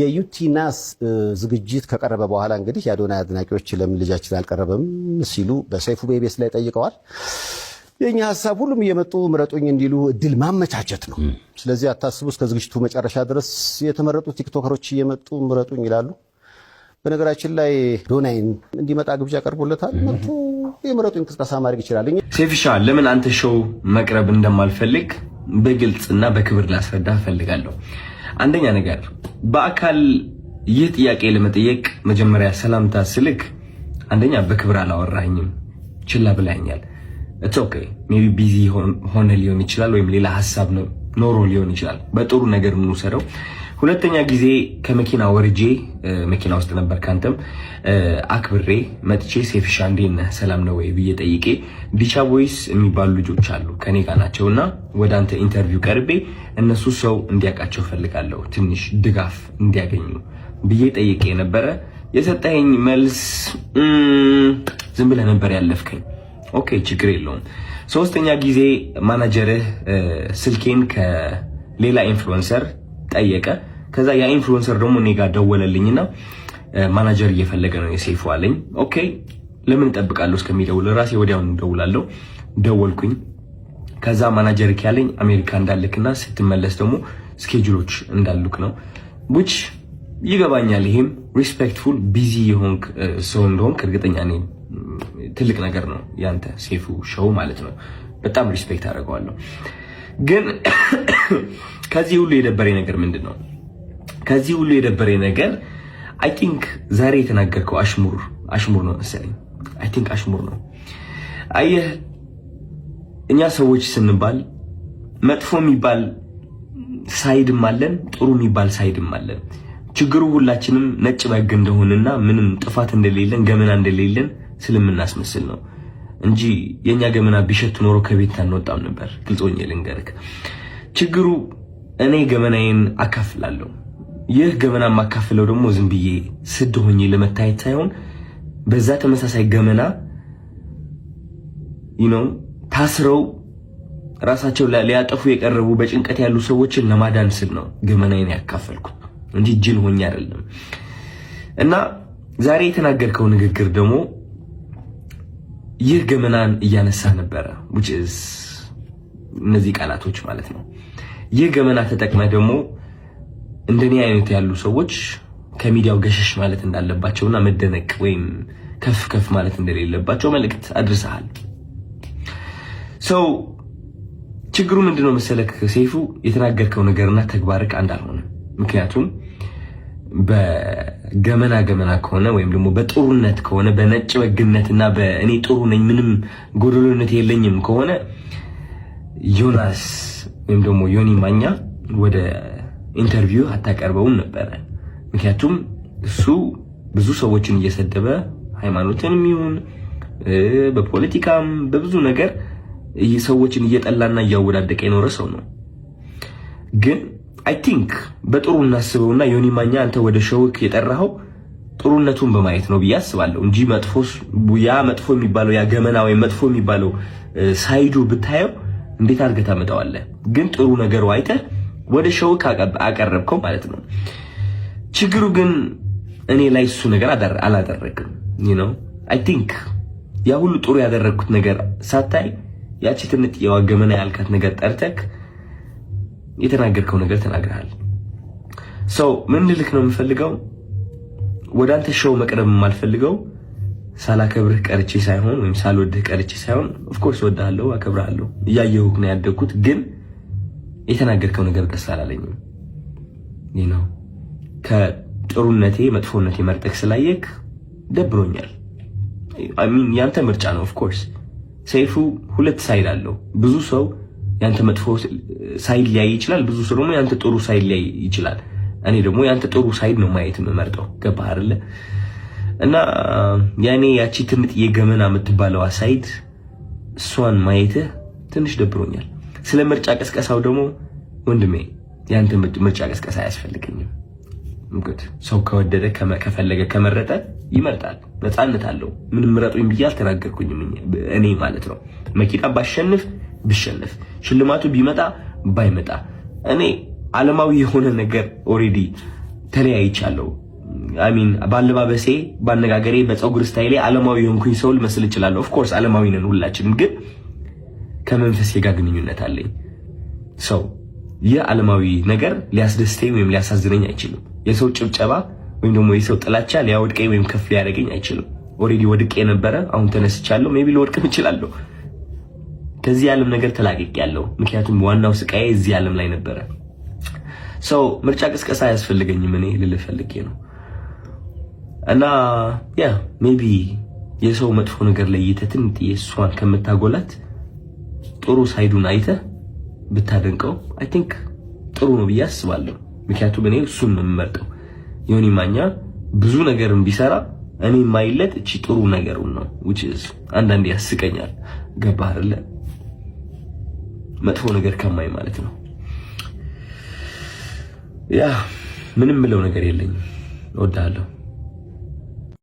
የዩቲናስ ዝግጅት ከቀረበ በኋላ እንግዲህ የአዶናይ አድናቂዎች ለምን ልጃችን አልቀረበም ሲሉ በሰይፉ ቤቤስ ላይ ጠይቀዋል። የእኛ ሀሳብ ሁሉም እየመጡ ምረጡኝ እንዲሉ እድል ማመቻቸት ነው። ስለዚህ አታስቡ፣ እስከ ዝግጅቱ መጨረሻ ድረስ የተመረጡ ቲክቶከሮች እየመጡ ምረጡኝ ይላሉ። በነገራችን ላይ ዶናይን እንዲመጣ ግብዣ ቀርቦለታል። መጡ የምረጡኝ እንቅስቃሴ ማድረግ ይችላል። ሴፍሻ ለምን አንተ ሾው መቅረብ እንደማልፈልግ በግልጽና በክብር ላስረዳ እፈልጋለሁ። አንደኛ ነገር በአካል ይህ ጥያቄ ለመጠየቅ መጀመሪያ ሰላምታ ስልክ፣ አንደኛ በክብር አላወራኝም፣ ችላ ብላኛል። ኦኬ ሜቢ ቢዚ ሆነ ሊሆን ይችላል፣ ወይም ሌላ ሀሳብ ኖሮ ሊሆን ይችላል። በጥሩ ነገር የምንውሰደው ሁለተኛ ጊዜ ከመኪና ወርጄ መኪና ውስጥ ነበር። ካንተም አክብሬ መጥቼ ሴፍሻ እንዴት ነህ ሰላም ነው ወይ ብዬ ጠይቄ ዲቻ ቦይስ የሚባሉ ልጆች አሉ ከኔ ጋር እና ወደ አንተ ኢንተርቪው ቀርቤ እነሱ ሰው እንዲያውቃቸው ፈልጋለሁ ትንሽ ድጋፍ እንዲያገኙ ብዬ ጠይቄ ነበረ። የሰጠኸኝ መልስ ዝም ብለህ ነበር ያለፍከኝ። ኦኬ ችግር የለውም። ሶስተኛ ጊዜ ማናጀርህ ስልኬን ከሌላ ኢንፍሉዌንሰር ጠየቀ። ከዛ ያ ኢንፍሉዌንሰር ደግሞ እኔ ጋር ደወለልኝና ማናጀር እየፈለገ ነው የሴፉ አለኝ። ኦኬ ለምን እጠብቃለሁ እስከሚደውል ራሴ ወዲያውኑ እደውላለሁ። ደወልኩኝ። ከዛ ማናጀር ያለኝ አሜሪካ እንዳልክና ስትመለስ ደግሞ ስኬጁሎች እንዳሉክ ነው ዊች ይገባኛል። ይሄም ሪስፔክትፉል ቢዚ የሆንክ ሰው እንደሆንክ እርግጠኛ ነኝ። ትልቅ ነገር ነው ያንተ ሴፉ ሾው ማለት ነው። በጣም ሪስፔክት አደርገዋለሁ። ግን ከዚህ ሁሉ የደበረኝ ነገር ምንድን ነው? ከዚህ ሁሉ የደበረ ነገር አይ ቲንክ ዛሬ የተናገርከው አሽሙር አሽሙር ነው መሰለኝ። አይ ቲንክ አሽሙር ነው። አየህ እኛ ሰዎች ስንባል መጥፎ የሚባል ሳይድም አለን፣ ጥሩ የሚባል ሳይድም አለን። ችግሩ ሁላችንም ነጭ በግ እንደሆንና ምንም ጥፋት እንደሌለን ገመና እንደሌለን ስለምናስመስል ነው እንጂ የእኛ ገመና ቢሸት ኖሮ ከቤት አንወጣም ነበር። ግልጾኝ ልንገርክ፣ ችግሩ እኔ ገመናዬን አካፍላለሁ ይህ ገመና የማካፍለው ደግሞ ዝም ብዬ ስድ ሆኜ ለመታየት ሳይሆን በዛ ተመሳሳይ ገመና ነው ታስረው ራሳቸው ሊያጠፉ የቀረቡ በጭንቀት ያሉ ሰዎችን ለማዳን ስል ነው ገመናዬን ያካፈልኩ እንጂ ጅል ሆኜ አይደለም። እና ዛሬ የተናገርከው ንግግር ደግሞ ይህ ገመናን እያነሳ ነበረ። እነዚህ ቃላቶች ማለት ነው። ይህ ገመና ተጠቅመህ ደግሞ እንደኔ አይነት ያሉ ሰዎች ከሚዲያው ገሸሽ ማለት እንዳለባቸውና መደነቅ ወይም ከፍ ከፍ ማለት እንደሌለባቸው መልእክት አድርሰሃል። ሰው ችግሩ ምንድነው መሰለክ ሰይፉ፣ የተናገርከው ነገርና ተግባርክ አንድ አልሆነ። ምክንያቱም በገመና ገመና ከሆነ ወይም ደግሞ በጥሩነት ከሆነ በነጭ በግነትና በእኔ ጥሩ ነኝ ምንም ጎደሎነት የለኝም ከሆነ ዮናስ ወይም ደግሞ ዮኒ ማኛ ወደ ኢንተርቪው አታቀርበውም ነበረ። ምክንያቱም እሱ ብዙ ሰዎችን እየሰደበ ሃይማኖትንም ይሁን በፖለቲካም በብዙ ነገር ሰዎችን እየጠላና እያወዳደቀ የኖረ ሰው ነው። ግን አይ ቲንክ በጥሩ እናስበውና ዮኒ ማኛ አንተ ወደ ሸውክ የጠራኸው ጥሩነቱን በማየት ነው ብዬ አስባለሁ እንጂ መጥፎ ያ መጥፎ የሚባለው ያ ገመና ወይም መጥፎ የሚባለው ሳይዱ ብታየው እንዴት አድርገህ ታመጣዋለህ? ግን ጥሩ ነገሩ አይተህ ወደ ሾው አቀረብከው ማለት ነው። ችግሩ ግን እኔ ላይ እሱ ነገር አላደረግም። ነው አይ ቲንክ ያ ሁሉ ጥሩ ያደረግኩት ነገር ሳታይ ያቺ ትንጥ የዋገመና ያልካት ነገር ጠርተክ የተናገርከው ነገር ተናግረሃል። ሰው ምን ልልክ ነው የምፈልገው፣ ወደ አንተ ሸው መቅረብ የማልፈልገው ሳላከብርህ ቀርቼ ሳይሆን ወይም ሳልወድህ ቀርቼ ሳይሆን፣ ኦፍኮርስ ወድሃለሁ፣ አከብርሃለሁ፣ እያየሁህ ነው ያደግኩት ግን የተናገርከው ነገር ደስ አላለኝም ነው። ከጥሩነቴ መጥፎነቴ መርጠቅ ስላየክ ደብሮኛል። ሚን ያንተ ምርጫ ነው። ኦፍኮርስ ሰይፉ ሁለት ሳይድ አለው። ብዙ ሰው ያንተ መጥፎ ሳይድ ሊያይ ይችላል፣ ብዙ ሰው ደግሞ ያንተ ጥሩ ሳይድ ሊያይ ይችላል። እኔ ደግሞ ያንተ ጥሩ ሳይድ ነው ማየት የምመርጠው። ገባህ አይደለ? እና ያኔ ያቺ ትምጥ የገመና የምትባለዋ ሳይድ እሷን ማየትህ ትንሽ ደብሮኛል። ስለ ምርጫ ቀስቀሳው ደግሞ ወንድሜ ያንተ ምርጫ ቀስቀሳ አያስፈልገኝም። እንግዲህ ሰው ከወደደ ከፈለገ ከመረጠ ይመርጣል፣ ነፃነት አለው። ምንም ምረጡኝ ብዬ አልተናገርኩኝም እኔ ማለት ነው። መኪና ባሸንፍ ብሸንፍ፣ ሽልማቱ ቢመጣ ባይመጣ እኔ ዓለማዊ የሆነ ነገር ኦሬዲ ተለያይቻለሁ። አሚን በአለባበሴ፣ በአነጋገሬ፣ በፀጉር ስታይሌ ዓለማዊ የሆንኩኝ ሰው ልመስል እችላለሁ። ኦፍኮርስ ዓለማዊ ነን ሁላችንም ግን ከመንፈሴ ጋር ግንኙነት አለኝ። ሰው ይህ ዓለማዊ ነገር ሊያስደስተኝ ወይም ሊያሳዝነኝ አይችልም። የሰው ጭብጨባ ወይም ደግሞ የሰው ጥላቻ ሊያወድቀኝ ወይም ከፍ ሊያደርገኝ አይችልም። ኦልሬዲ ወድቄ የነበረ አሁን ተነስቻለሁ። ቢ ልወድቅም እችላለሁ። ከዚህ ዓለም ነገር ያለው ምክንያቱም ዋናው ስቃዬ እዚህ ዓለም ላይ ነበረ። ሰው ምርጫ ቅስቀሳ አያስፈልገኝም እኔ ልልህ ነው። እና ያ የሰው መጥፎ ነገር ለይተህ ትንጥዬ እሷን ከምታጎላት ጥሩ ሳይዱን አይተህ ብታደንቀው አይ ቲንክ ጥሩ ነው ብዬ አስባለሁ። ምክንያቱም እኔ እሱን ነው የምመርጠው። ዮኒ ማኛ ብዙ ነገርን ቢሰራ እኔ የማይለት እቺ ጥሩ ነገሩን ነው which is አንዳንዴ ያስቀኛል። ገባህ አይደለ? መጥፎ ነገር ከማይ ማለት ነው። ያ ምንም ምለው ነገር የለኝም። እወድሃለሁ።